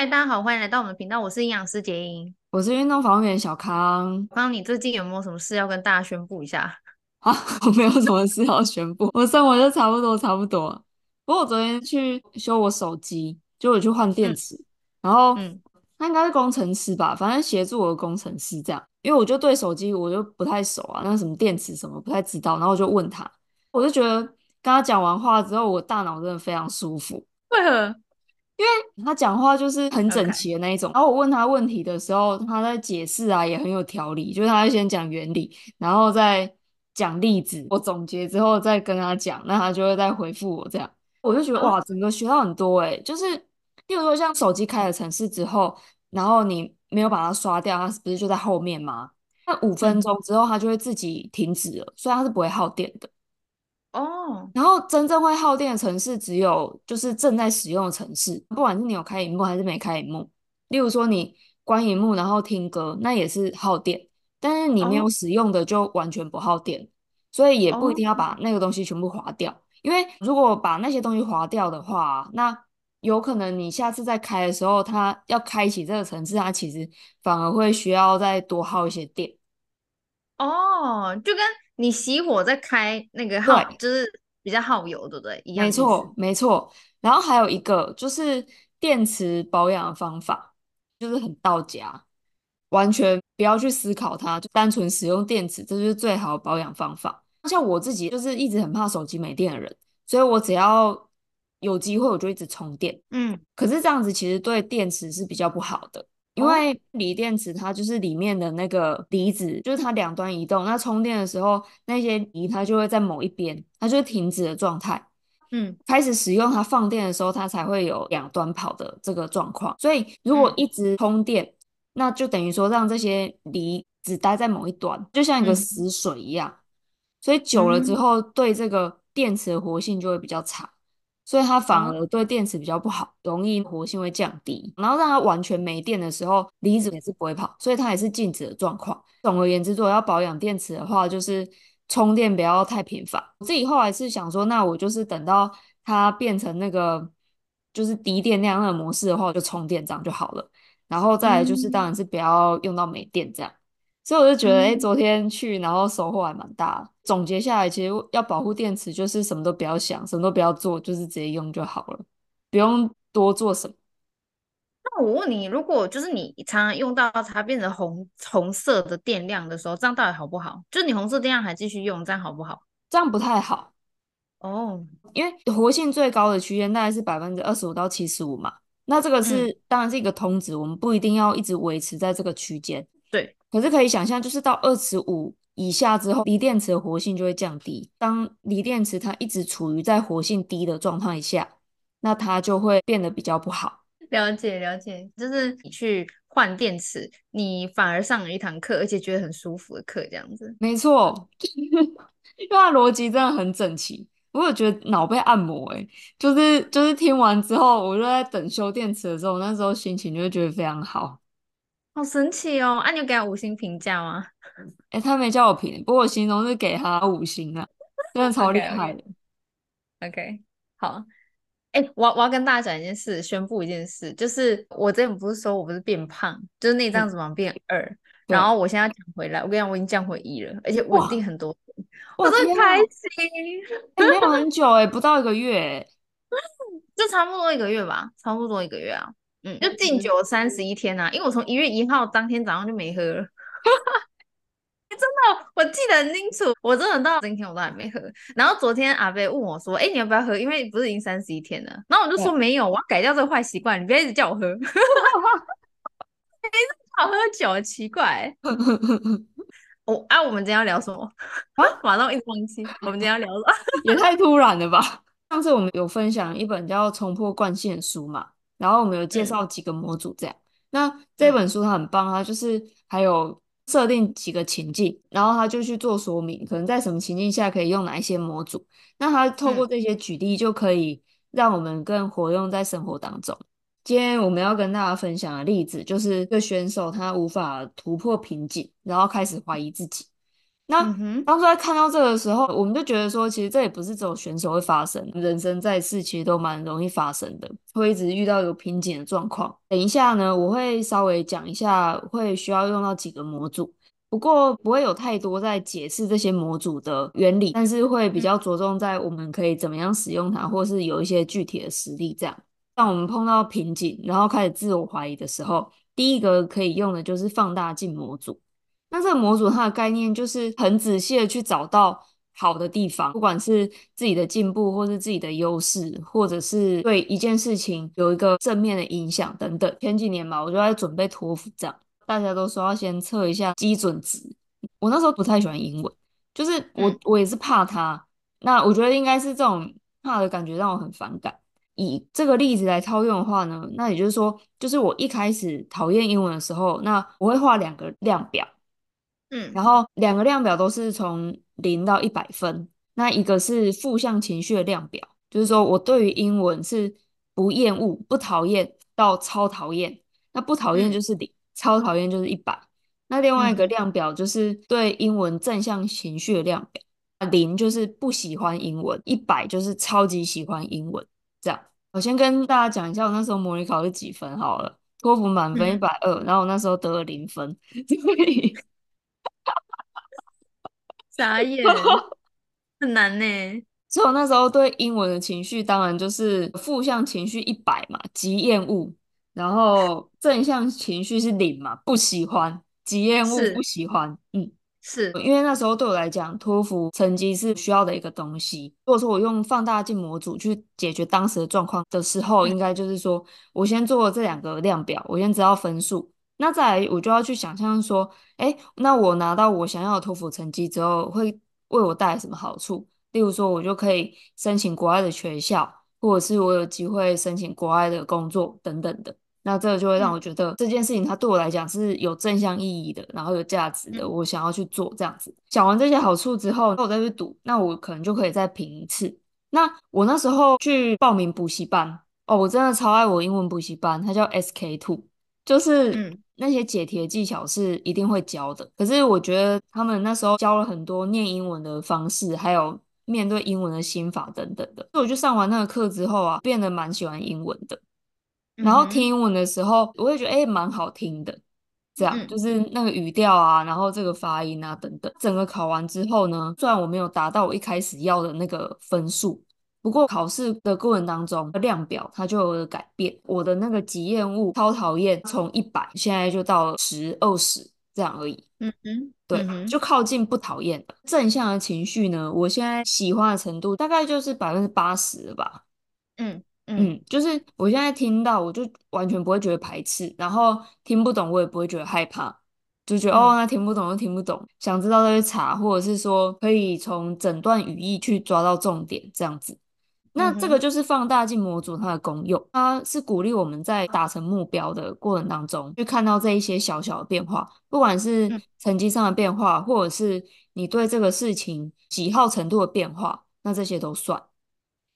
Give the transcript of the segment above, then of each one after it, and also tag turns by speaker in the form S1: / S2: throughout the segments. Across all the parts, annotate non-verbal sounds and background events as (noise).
S1: 嗨，大家好，歡迎來到我們的頻道。我是營養師傑英，我是運動防護員小康。康，你最近有沒有什麼事要跟大家宣布一下？
S2: 好、啊，我沒有什麼事要宣布， (laughs) 我生活就差不多差不多。不過我昨天去修我手機，就我去換電池，嗯、然後、嗯、他應該是工程師吧，反正協助我的工程師這樣。因為我就對手機我就不太熟啊，那什麼電池什麼不太知道，然後我就問他，我就覺得跟他講完話之後，我大腦真的非常舒服。為因為他講話就是很整齊的那一種，Okay. 然後我問他問題的時候，他在解釋啊也很有條理，就是他會先講原理，然後再講例子，我總結之後再跟他講，那他就會再回復我這樣，我就覺得哇，整個學到很多欸，就是比如說像手機開了程式之後，然後你沒有把它刷掉，它是不是就在後面嗎？那五分鐘之後它就會自己停止了，所以它是不會耗電的。哦，oh. 然後真正會耗電的程式只有就是正在使用的程式，不管是你有開螢幕還是沒開螢幕。例如說你關螢幕然後聽歌，那也是耗電，但是你沒有使用的就完全不耗電，oh. 所以也不一定要把那個東西全部劃掉。Oh. 因為如果把那些東西劃掉的話，那有可能你下次再開的時候，它要開啟這個程式，它其實反而會需要再多耗一些電。
S1: 哦，oh. 就跟。你熄火再開那個耗，對就是比較耗
S2: 油，對不對？一樣沒錯，沒錯。然後還有一個就是電池保養的方法，就是很到家，完全不要去思考它，就單純使用電池，這就是最好的保養方法。像我自己就是一直很怕手機沒電的人，所以我只要有機會我就一直充電。嗯，可是這樣子其實對電池是比較不好的。因為鋰電池它就是裡面的那個離子，就是它兩端移動。那充電的時候，那些鋰它就會在某一邊，它就會停止的狀態。嗯，開始使用它放電的時候，它才會有兩端跑的這個狀況。所以如果一直充電，嗯、那就等於說，讓這些離子待在某一端，就像一個死水一樣。嗯、所以久了之後，對這個電池的活性就會比較差。所以它反而對電池比較不好，容易活性會降低。然後讓它完全沒電的時候，離子也是不會跑，所以它也是靜止的狀況。總而言之，如果要保養電池的話，就是充電不要太頻繁。我自己後來是想說，那我就是等到它變成那個就是低電量那個模式的話，我就充電這樣就好了。然後再來就是，當然是不要用到沒電這樣。嗯所以我就覺得，哎、嗯，昨天去，然後收穫還蠻大。總結下來，其實要保護電池，就是什麼都不要想，什麼都不要做，就是直接用就好了，不用多做什麼。
S1: 那我問你，如果就是你常常用到它變成紅紅色的電量的時候，這樣到底好不好？就你紅色電量還繼續用，這樣好不好？這樣不太好哦，oh.
S2: 因為活性最高的區間大概是百分之二十五到七十五嘛。那這個是、嗯、當然是一個通知，我們不一定要一直維持在這個區間。可是可以想象，就是到二十五以下之後，鋰電池的活性就會降低。當鋰電池它一直處於在活性低的狀態下，那它就會變得比較不好。
S1: 了解了解，就是你去換電池，你反而上了一堂課，而且覺得很舒服的
S2: 課，這樣子。沒錯， (laughs) 因為它邏輯真的很整齊。我有覺得腦被按摩誒，就是就是聽完之後，我就在等修電池的時候，那時候心情就會覺得非常好。好神奇哦！那你有給他五星評價嗎？哎、欸，他沒叫我評，不過我心中是給他五星啊，真的超厲害的。
S1: Okay, okay.
S2: OK，好，哎、
S1: 欸，我我要跟大家講一件事，宣布一件事，就是我之前不是說我不是變胖，就是內臟脂肪變二，嗯、然後我現在要講回來，我跟你講，我已經降回一了，而且穩定很多天，
S2: 哇我真開
S1: 心、啊欸！沒有很久哎、欸， (laughs) 不到一個月、欸，就差不多一個月吧，差不多一個月啊。就禁酒三十一天吶、啊，嗯、因為我從一月一號當天早上就沒喝了。 (laughs) 真的，我記得很清楚，我真的到今天我都還沒喝。然後昨天阿伯問我說：“哎、欸，你要不要喝？”因為不是已經三十一天了。然後我就說：“嗯、沒有，我要改掉這個壞習慣，你不要一直叫我喝。 (laughs) ”哎、 (laughs) (laughs) 欸，這麼好喝酒，很奇怪。
S2: 我、 (laughs) 哦、啊，我們今天要聊什麼啊？ (laughs) 馬上我一直忘記我們今天要聊什麼？ (laughs) 也太突然了吧？上次我們有分享一本叫《衝破慣性》的書嘛？然後我們有介紹幾個模組，這樣。嗯、那這本書它很棒，它就是還有設定幾個情境，然後他就去做說明，可能在什麼情境下可以用哪一些模組。那他透過這些舉例，就可以讓我們更活用在生活當中。嗯、今天我們要跟大家分享的例子，就是這個選手他無法突破瓶頸，然後開始懷疑自己。那、嗯、哼當初在看到這個的時候，我們就覺得說，其實這也不是只有選手會發生，人生在世其實都蠻容易發生的，會一直遇到有瓶頸的狀況。等一下呢，我會稍微講一下會需要用到幾個模組，不過不會有太多在解釋這些模組的原理，但是會比較着重在我們可以怎麼樣使用它，或是有一些具體的實例。這樣，當我們碰到瓶頸，然後開始自我懷疑的時候，第一個可以用的就是放大鏡模組。那這個模組它的概念就是很仔細的去找到好的地方，不管是自己的進步，或是自己的優勢，或者是對一件事情有一個正面的影響等等。前幾年嘛，我就在準備托福，這樣大家都說要先測一下基準值。我那時候不太喜歡英文，就是我、嗯、我也是怕它。那我覺得應該是這種怕的感覺讓我很反感。以這個例子來套用的話呢，那也就是說，就是我一開始討厭英文的時候，那我會畫兩個量表。嗯，然後兩個量表都是從零到一百分。那一個是負向情緒的量表，就是說我對於英文是不厭惡、不討厭到超討厭。那不討厭就是零、嗯，超討厭就是一百。那另外一個量表就是對英文正向情緒的量表，零就是不喜歡英文，一百就是超級喜歡英文。這樣，我先跟大家講一下我那時候模擬考是幾分好了。托福滿分一百二，然後我那時候得了零分， (laughs) 眨眼很難呢。 (laughs) 所以我那時候對英文的情緒，當然就是負向情緒一百嘛，極厭惡。然後正向情緒是零嘛，不喜歡，極厭惡，不喜歡。是嗯，是因為那時候對我來講，托福成績是需要的一個東西。如果說我用放大鏡模組去解決當時的狀況的時候，嗯、應該就是說我先做這兩個量表，我先知道分數。那再來，我就要去想象說，哎、欸，那我拿到我想要的托福成績之後，會為我帶來什麼好處？例如說，我就可以申請國外的學校，或者是我有機會申請國外的工作等等的。那這個就會讓我覺得這件事情它對我來講是有正向意義的，然後有價值的，我想要去做這樣子。講完這些好處之後，那我再去讀，那我可能就可以再評一次。那我那時候去報名補習班，哦，我真的超愛我英文補習班，它叫 SK Two，就是。嗯那些解題的技巧是一定會教的，可是我覺得他們那時候教了很多念英文的方式，還有面對英文的心法等等的。所以我就上完那個課之後啊，變得蠻喜歡英文的。然後聽英文的時候，我也覺得欸，蠻好聽的。這樣就是那個語調啊，然後這個發音啊等等。整個考完之後呢，雖然我沒有達到我一開始要的那個分數。不過考試的過程當中，量表它就有了改變，我的那個極厭惡、超討厭，從一百現在就到十、二十這樣而已。嗯嗯，對吧，嗯嗯就靠近不討厭了。正向的情緒呢，我現在喜歡的程度大概就是百分之八十了吧。嗯嗯，
S1: 嗯，
S2: 就是我現在聽到我就完全不會覺得排斥，然後聽不懂我也不會覺得害怕，就覺得、嗯、哦那聽不懂就聽不懂，想知道這些查，或者是說可以從整段語義去抓到重點這樣子。那這個就是放大鏡模組它的功用，它是鼓勵我們在達成目標的過程當中，去看到這一些小小的變化，不管是成績上的變化，或者是你對這個事情喜好程度的變化，那這些都算。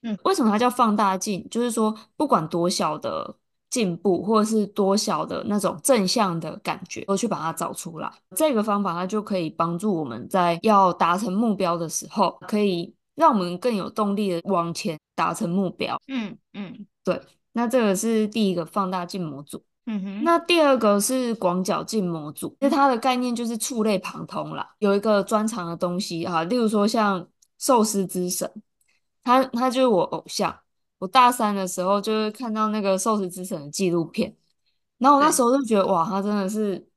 S2: 嗯，為什麼它叫放大鏡？就是說，不管多小的進步，或者是多小的那種正向的感覺，都去把它找出來。這個方法它就可以幫助我們在要達成目標的時候，可以。讓我們更有動力的往前達成目標嗯。嗯嗯，對。那這個是第一個放大鏡模組。嗯哼。那第二個是廣角鏡模組，那它的概念就是觸類旁通啦，有一個專長的東西哈、啊，例如說像壽司之神，他他就是我偶像。我大三的時候就是看到那個壽司之神的紀錄片，然後我那時候就覺得、嗯、哇，他真的是，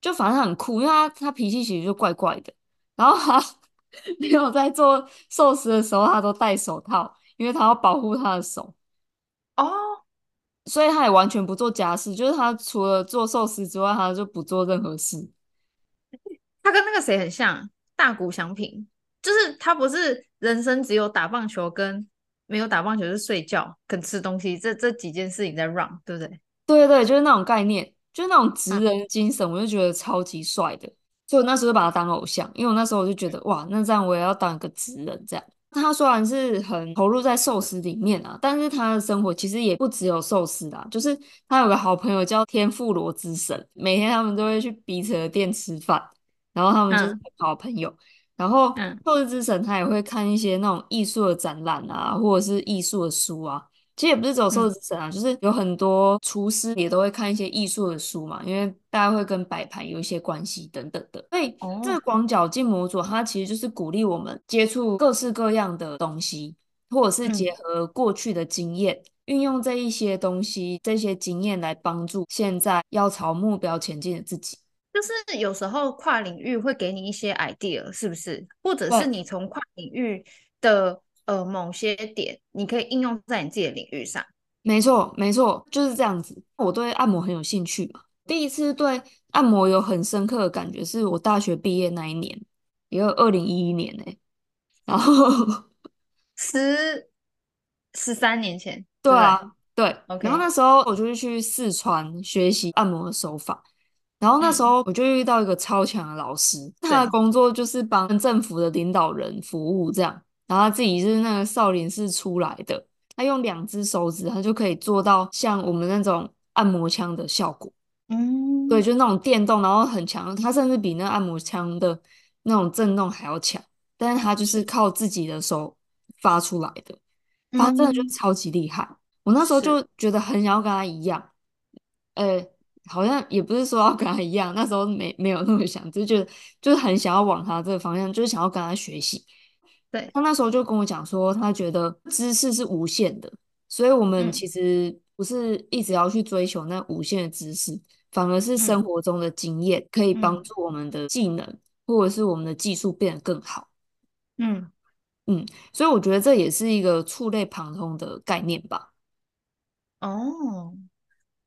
S2: 就反正很酷，因為他他脾氣其實就怪怪的，然後他。啊沒 (laughs) 有在做壽司的時候，他都戴手套，因為他要保護他的手。哦、oh，所以他也完全不做家事，就是他除了做壽司之外，他就不做任何事。
S1: 他跟那個誰很像，大谷翔平，就是他不是人生只有打棒球，跟沒有打棒球是睡覺跟吃東西這這幾件事情在 run，對不對？對
S2: 對對，就是那種概念，就那種職人精神，我就覺得超級帥的。嗯所以我那時候就把他當偶像，因為我那時候我就覺得哇，那這樣我也要當一個職人這樣。他雖然是很投入在壽司裡面啊，但是他的生活其實也不只有壽司啦、啊、就是他有個好朋友叫天婦羅之神，每天他們都會去彼此的店吃飯，然後他們就是好朋友。嗯、然後壽司之神他也會看一些那種藝術的展覽啊，或者是藝術的書啊。其實也不是壽司之神啊，嗯、就是有很多廚師也都會看一些藝術的書嘛，因為大家會跟擺盤有一些關係等等的。所以、哦、這個廣角鏡模組，它其實就是鼓勵我們接觸各式各樣的東西，或者是結合過去的經驗，嗯、運用這一些東西、這些經驗來幫助現在要朝目標前進的自己。
S1: 就是有時候跨領域會給你一些 idea，是不是？或者是你從跨領域的、哦。呃，
S2: 某些點你可以應用在你自己的領域上。沒錯，沒錯，就是這樣子。我對按摩很有興趣嘛。第一次對按摩有很深刻的感覺，是我大學畢業那一年，也有二零一一年哎、欸。然後
S1: 十十三年前，對啊，
S2: 吧對。Okay. 然後那時候我就是去四川學習按摩的手法。然後那時候我就遇到一個超強的老師，嗯、他的工作就是幫政府的領導人服務這樣。然後他自己就是那個少林寺出來的，他用兩隻手指，他就可以做到像我們那種按摩槍的效果。嗯，
S1: 對，
S2: 就那種電動，然後很強，他甚至比那按摩槍的那種震動還要強。但是他就是靠自己的手發出來的，然後、嗯、真的就是超級厲害。我那時候就覺得很想要跟他一樣，是呃，好像也不是說要跟他一樣，那時候沒沒有那麼想，就覺得就是很想要往他這個方向，就是想要跟他學習。對，他那時候就跟我講說，他覺得知識是無限的，所以我們其實不是一直要去追求那無限的知識，嗯、反而是生活中的經驗可以幫助我們的技能、嗯、或者是我們的技術變得更好。嗯嗯，所以我覺得這也是一個觸類旁通的概念吧。哦，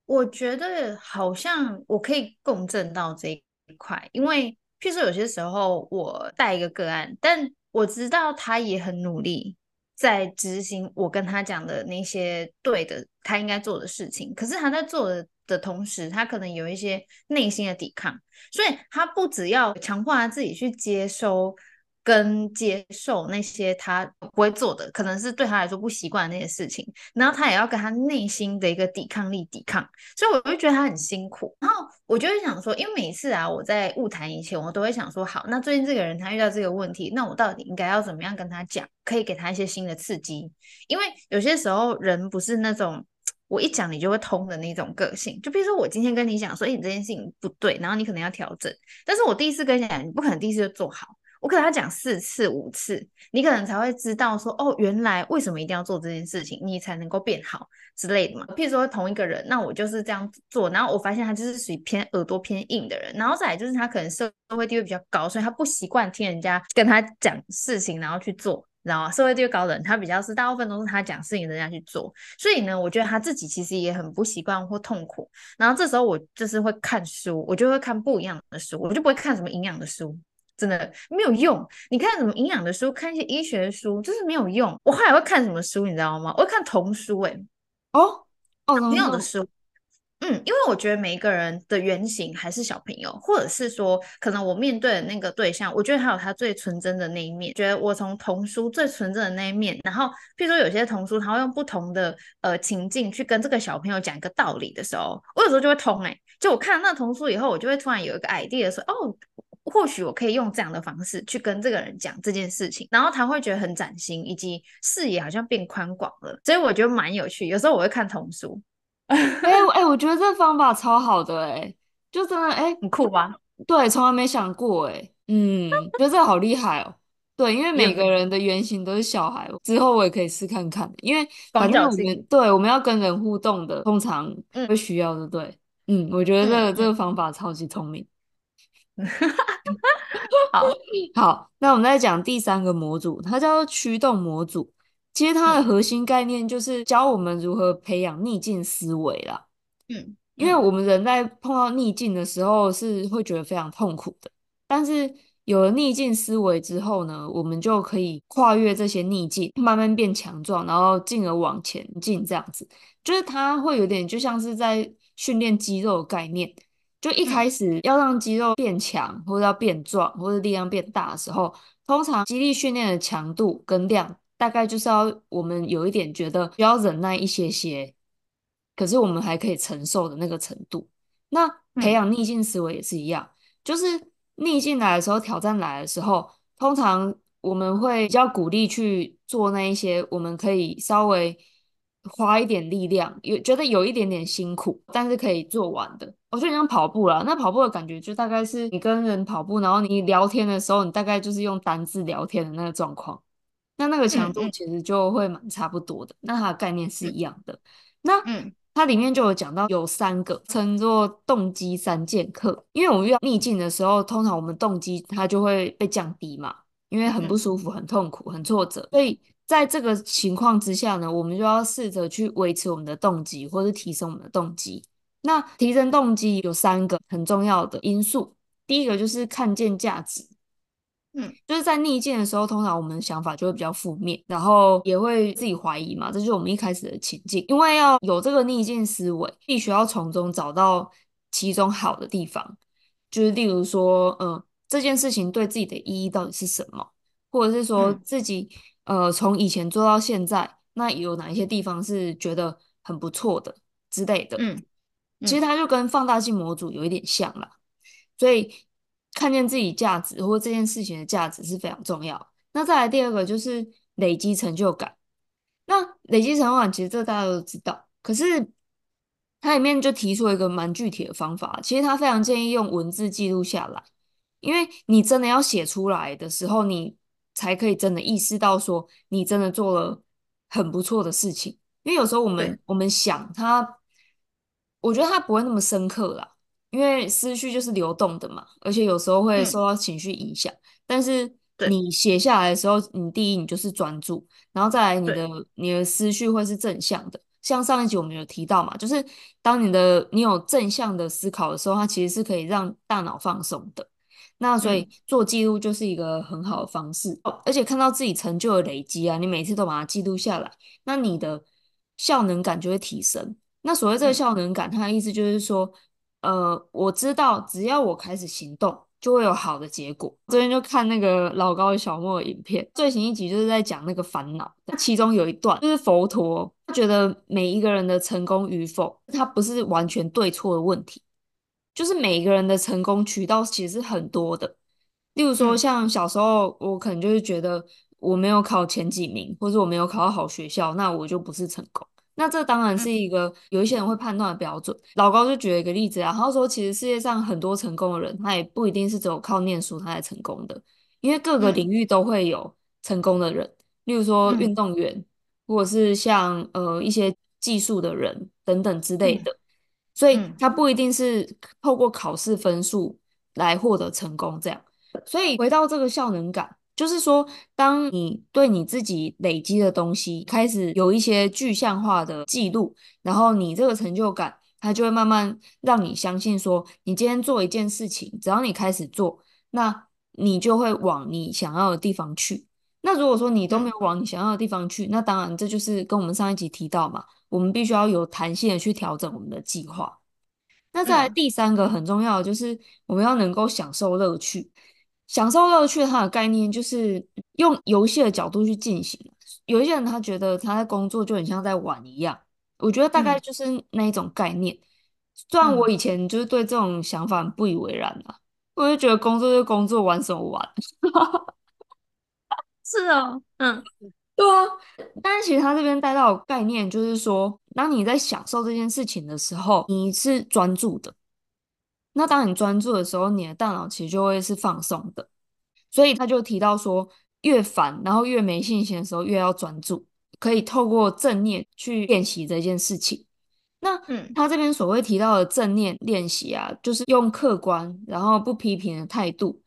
S2: 我覺
S1: 得好像我可以共振到這一塊，因為譬如說有些時候我帶一個個案，但。我知道他也很努力，在執行我跟他講的那些對的，他應該做的事情。可是他在做的的同時，他可能有一些內心的抵抗，所以他不只要強化他自己去接收。跟接受那些他不會做的，可能是對他來說不習慣的那些事情，然後他也要跟他內心的一個抵抗力抵抗，所以我就覺得他很辛苦。然後我就會想說，因為每次啊，我在晤談以前，我都會想說，好，那最近這個人他遇到這個問題，那我到底應該要怎麼樣跟他講，可以給他一些新的刺激？因為有些時候人不是那種我一講你就會通的那種個性，就比如說我今天跟你講說，欸，你這件事情不對，然後你可能要調整，但是我第一次跟你講，你不可能第一次就做好。我可能要講四次五次，你可能才會知道說，哦，原來為什麼一定要做這件事情，你才能夠變好之類的嘛。譬如說同一個人，那我就是這樣做，然後我發現他就是屬於偏耳朵偏硬的人，然後再來就是他可能社會地位比較高，所以他不習慣聽人家跟他講事情，然後去做，知道嗎？社會地位高的人，他比較是大部分都是他講事情，人家去做。所以呢，我覺得他自己其實也很不習慣或痛苦。然後這時候我就是會看書，我就會看不一樣的書，我就不會看什麼營養的書。真的沒有用，你看什麼營養的書，看一些醫學的書，就是沒有用。我後來會看什麼書，你知道嗎？我會看童書、欸，哎，哦哦，的書，嗯，因為我覺得每一個人的原型還是小朋友，或者是說，可能我面對的那個對象，我覺得還有他最純真的那一面。覺得我從童書最純真的那一面，然後，譬如說有些童書，他會用不同的呃情境去跟這個小朋友講一個道理的時候，我有時候就會通、欸，哎，就我看了那個童書以後，我就會突然有一個 idea 說，哦。或許我可以用這樣的方式去跟這個人講這件事情，然後他會覺得很嶄新，以及視野好像變寬廣了，所以我覺得蠻有趣。有時候我會看童書，哎 (laughs) 哎、欸欸，我覺
S2: 得這個方法超好的、欸，哎，就真的哎、欸、很酷吧、啊？對，從來沒想過、欸，哎，嗯， (laughs) 覺得這個好厲害哦、喔。對，因為每個人的原型都是小孩，嗯、之後我也可以試看看、欸，因為反正對我們要跟人互動的，通常會需要的，對，嗯，嗯，我覺得這個嗯、這個方法超級聰明。 (laughs) (laughs) 好好，那我們再講第三個模組，它叫做驅動模組。其實它的核心概念就是教我們如何培養逆境思維啦。嗯，因為我們人在碰到逆境的時候是會覺得非常痛苦的，但是有了逆境思維之後呢，我們就可以跨越這些逆境，慢慢變強壯，然後進而往前進。這樣子就是它會有點就像是在訓練肌肉的概念。就一開始要讓肌肉變強，或者要變壯，或者力量變大的時候，通常肌力訓練的強度跟量，大概就是要我們有一點覺得需要忍耐一些些，可是我們還可以承受的那個程度。那培養逆境思維也是一樣，就是逆境來的時候，挑戰來的時候，通常我們會比較鼓勵去做那一些，我們可以稍微。花一點力量，有覺得有一點點辛苦，但是可以做完的。我說、哦、你像跑步啦，那跑步的感覺就大概是你跟人跑步，然後你聊天的時候，你大概就是用單字聊天的那個狀況。那那個強度其實就會蠻差不多的，那它的概念是一樣的。那嗯，它裡面就有講到有三個稱作動機三劍客，因為我們遇到逆境的時候，通常我們動機它就會被降低嘛，因為很不舒服、很痛苦、很挫折，所以。在這個情況之下呢，我們就要試着去維持我們的動機，或是提升我們的動機。那提升動機有三個很重要的因素，第一個就是看見價值。嗯，就是在逆境的時候，通常我們的想法就會比較負面，然後也會自己懷疑嘛。這就是我們一開始的情境，因為要有這個逆境思維，必須要從中找到其中好的地方，就是例如說，嗯、呃，這件事情對自己的意義到底是什麼，或者是說自己。嗯呃，從以前做到現在，那有哪一些地方是覺得很不錯的之類的？嗯，嗯，其實它就跟放大鏡模組有一點像啦，所以看見自己價值或這件事情的價值是非常重要。那再來第二個就是累積成就感。那累積成就感，其實這大家都知道，可是它裡面就提出了一個蠻具體的方法。其實他非常建議用文字記錄下來，因為你真的要寫出來的時候，你。才可以真的意識到，說你真的做了很不錯的事情。因為有時候我們對我們想它，我覺得它不會那麼深刻啦，因為思緒就是流動的嘛，而且有時候會受到情緒影響。嗯、但是你寫下來的時候，對你第一你就是專注，然後再來你的對你的思緒會是正向的。像上一集我們有提到嘛，就是當你的你有正向的思考的時候，它其實是可以讓大腦放鬆的。那所以做記錄就是一個很好的方式，嗯、而且看到自己成就的累積啊，你每次都把它記錄下來，那你的效能感就會提升。那所謂這個效能感，嗯、它的意思就是說，呃，我知道只要我開始行動，就會有好的結果。昨天就看那個老高與小莫的影片，最新一集就是在講那個煩惱。其中有一段就是佛陀，他覺得每一個人的成功與否，他不是完全對錯的問題。就是每一個人的成功渠道其實是很多的，例如說像小時候，我可能就是覺得我沒有考前幾名，或者我沒有考到好學校，那我就不是成功。那這當然是一個有一些人會判斷的標準。老高就舉了一個例子啊，他說其實世界上很多成功的人，他也不一定是只有靠念書他才成功的，因為各個領域都會有成功的人，例如說運動員，或者是像呃一些技術的人等等之類的。所以它不一定是透過考試分數來獲得成功，這樣。所以回到這個效能感，就是說，當你對你自己累積的東西開始有一些具象化的記錄，然後你這個成就感，它就會慢慢讓你相信說，你今天做一件事情，只要你開始做，那你就會往你想要的地方去。那如果說你都沒有往你想要的地方去，那當然這就是跟我們上一集提到嘛。我們必須要有彈性的去調整我們的計劃。那再來第三個很重要的就是，我們要能夠享受樂趣。嗯、享受樂趣它的概念就是用遊戲的角度去進行。有一些人他覺得他在工作就很像在玩一樣，我覺得大概就是那一種概念。嗯、雖然我以前就是對這種想法不以為然啦，啊，嗯、我就覺得工作就工作，玩什麼玩？ (laughs) 是哦，嗯。對啊，但是其實他這邊帶到的概念就是說，當你在享受這件事情的時候，你是專注的。那當你專注的時候，你的大腦其實就會是放鬆的。所以他就提到說，越煩，然後越沒信心的時候，越要專注，可以透過正念去練習這件事情。那嗯，他這邊所謂提到的正念練習啊，就是用客觀然後不批評的態度，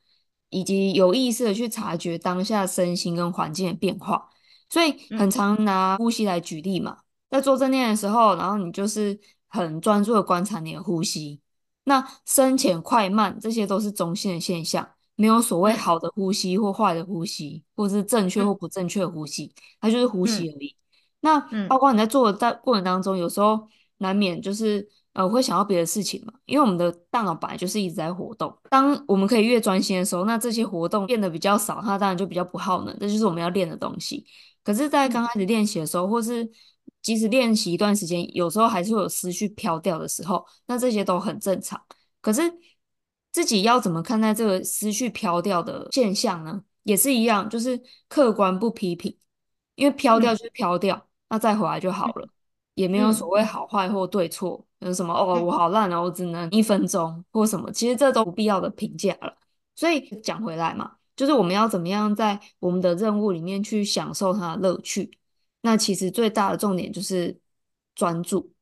S2: 以及有意識的去察覺當下身心跟環境的變化。所以很常拿呼吸來舉例嘛，在做正念的時候，然後你就是很專注的觀察你的呼吸，那深淺、快慢，這些都是中性的現象，沒有所謂好的呼吸或壞的呼吸，或者是正確或不正確的呼吸，它就是呼吸而已。嗯、那包括你在做的過程當中，有時候。難免就是呃會想到別的事情嘛，因為我們的大腦本來就是一直在活動。當我們可以越專心的時候，那這些活動變得比較少，它當然就比較不耗能，這就是我們要練的東西。可是，在剛開始練習的時候，或是即使練習一段時間，有時候還是會有思緒飄掉的時候，那這些都很正常。可是自己要怎麼看待這個思緒飄掉的現象呢？也是一樣，就是客觀不批評，因為飄掉就飄掉，嗯、那再回來就好了。也沒有所謂好壞或對錯，嗯、有什麼哦？我好爛啊、哦！我只能一分鐘或什麼？其實這都不必要的評價了。所以講回來嘛，就是我們要怎麼樣在我們的任務裡面去享受它的樂趣？那其實最大的重點就是專注。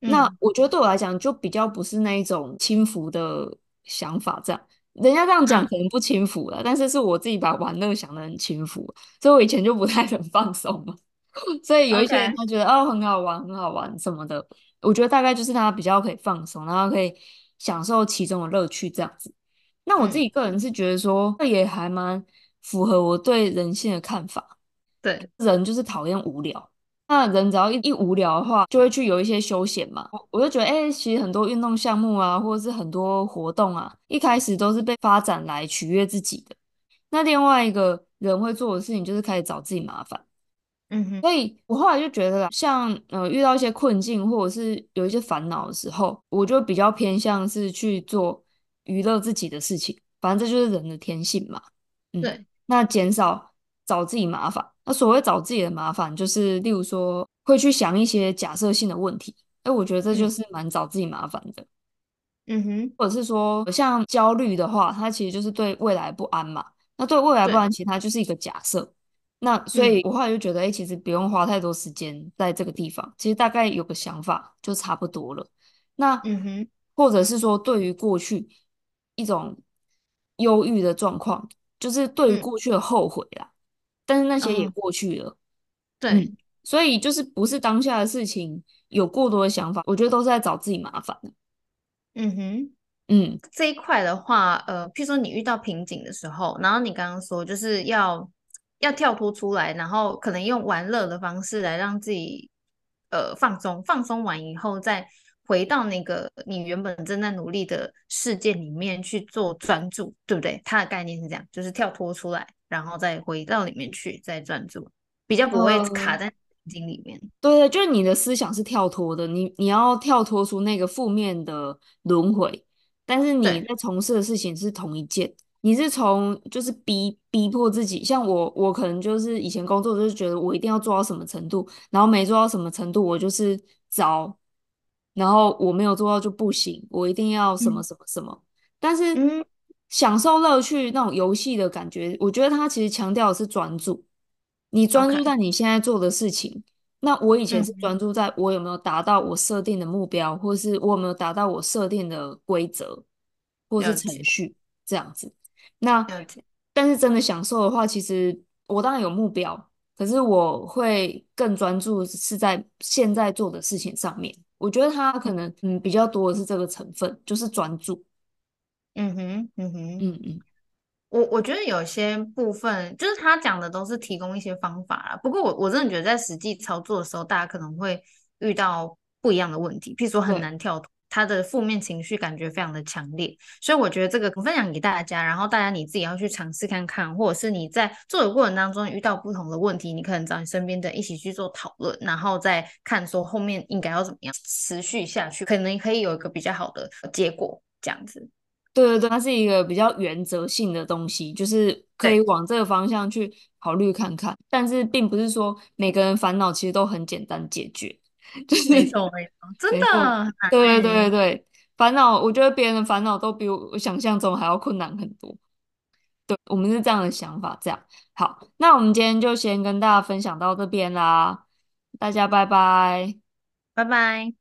S2: 嗯、那我覺得對我來講，就比較不是那一種輕浮的想法。這樣人家這樣講可能不輕浮了，嗯、但是是我自己把玩樂想得很輕浮，所以我以前就不太能放鬆嘛。 (laughs) 所以有一些人他覺得 Okay. 哦，很好玩很好玩什麼的，我覺得大概就是他比較可以放鬆，然後可以享受其中的樂趣這樣子。那我自己個人是覺得說、嗯、這也還蠻符合我對人性的看法。
S1: 對，
S2: 人就是討厭無聊，那人只要一一無聊的話，就會去有一些休閒嘛。我我就覺得哎，其實很多運動項目啊，或者是很多活動啊，一開始都是被發展來取悅自己的。那另外一個人會做的事情就是開始找自己麻煩。嗯哼，所以我後來就覺得啦，像呃遇到一些困境或者是有一些煩惱的時候，我就比較偏向是去做娛樂自己的事情，反正這就是人的天性嘛。嗯、對，那減少找自己麻煩。那所謂找自己的麻煩，就是例如說會去想一些假設性的問題，哎，我覺得這就是蠻找自己麻煩的。嗯哼，或者是說像焦慮的話，它其實就是對未來不安嘛。那對未來不安，其實它就是一個假設。那所以，我後來就覺得，哎、嗯欸，其實不用花太多時間在這個地方，其實大概有個想法就差不多了。那，嗯哼，或者是說，對於過去一種憂鬱的狀況，就是對於過去的後悔啦，嗯、但是那些也過去了。嗯嗯、對，所以就是不是當下的事情有過多的想法，我覺得都是在找自己麻煩的。嗯
S1: 哼，嗯，這一塊的話，呃，譬如說你遇到瓶頸的時候，然後你剛剛說就是要。要跳脫出來，然後可能用玩樂的方式來讓自己呃放鬆，放鬆完以後再回到那個你原本正在努力的世界裡面去做專注，對不對？它的概念是這樣，就是跳脫出來，然後再回到裡面去再專注，比較不會卡
S2: 在瓶頸裡面。Oh, 對對，就是你的思想是跳脫的，你你要跳脫出那個負面的輪回，但是你在從事的事情是同一件。你是從就是逼逼迫自己，像我，我可能就是以前工作就是覺得我一定要做到什麼程度，然後沒做到什麼程度我就是着，然後我沒有做到就不行，我一定要什麼什麼什麼。嗯、但是享受樂趣那種遊戲的感覺，嗯、我覺得它其實強調的是專注，你專注在你現在做的事情。Okay. 那我以前是專注在我有沒有達到我設定的目標，嗯嗯或是我有沒有達到我設定的規則或是程序這樣子。那，但是真的享受的話，其實我當然有目標，可是我會更專注是在現在做的事情上面。我覺得他可能嗯比較多的是這個成分，就是專注。嗯
S1: 哼，嗯哼，嗯嗯哼。我我覺得有些部分就是他講的都是提供一些方法啦，不過我我真的覺得在實際操作的時候，大家可能會遇到不一樣的問題，譬如說很難跳脫。他的負面情緒感覺非常的強烈，所以我覺得這個分享給大家，然後大家你自己要去嘗試看看，或者是你在做的過程當中遇到不同的問題，你可能找你身邊的一起去做討論，然後再看說後面應該要怎麼樣持續下去，可能可以有一
S2: 個比較好的結果這樣子。對對對，它是一個比較原則性的東西，就是可以往這個方向去考慮看看，對但是並不是說每個人煩惱其實都很簡單解決。 (laughs)
S1: 就是那種錯錯真的，對對對
S2: 對煩惱，我覺得別人的煩惱都比我我想象中還要困難很多，對，我們是這樣的想法，這樣好，那我們今天就先跟大家分享到這邊啦，大家拜拜，拜拜。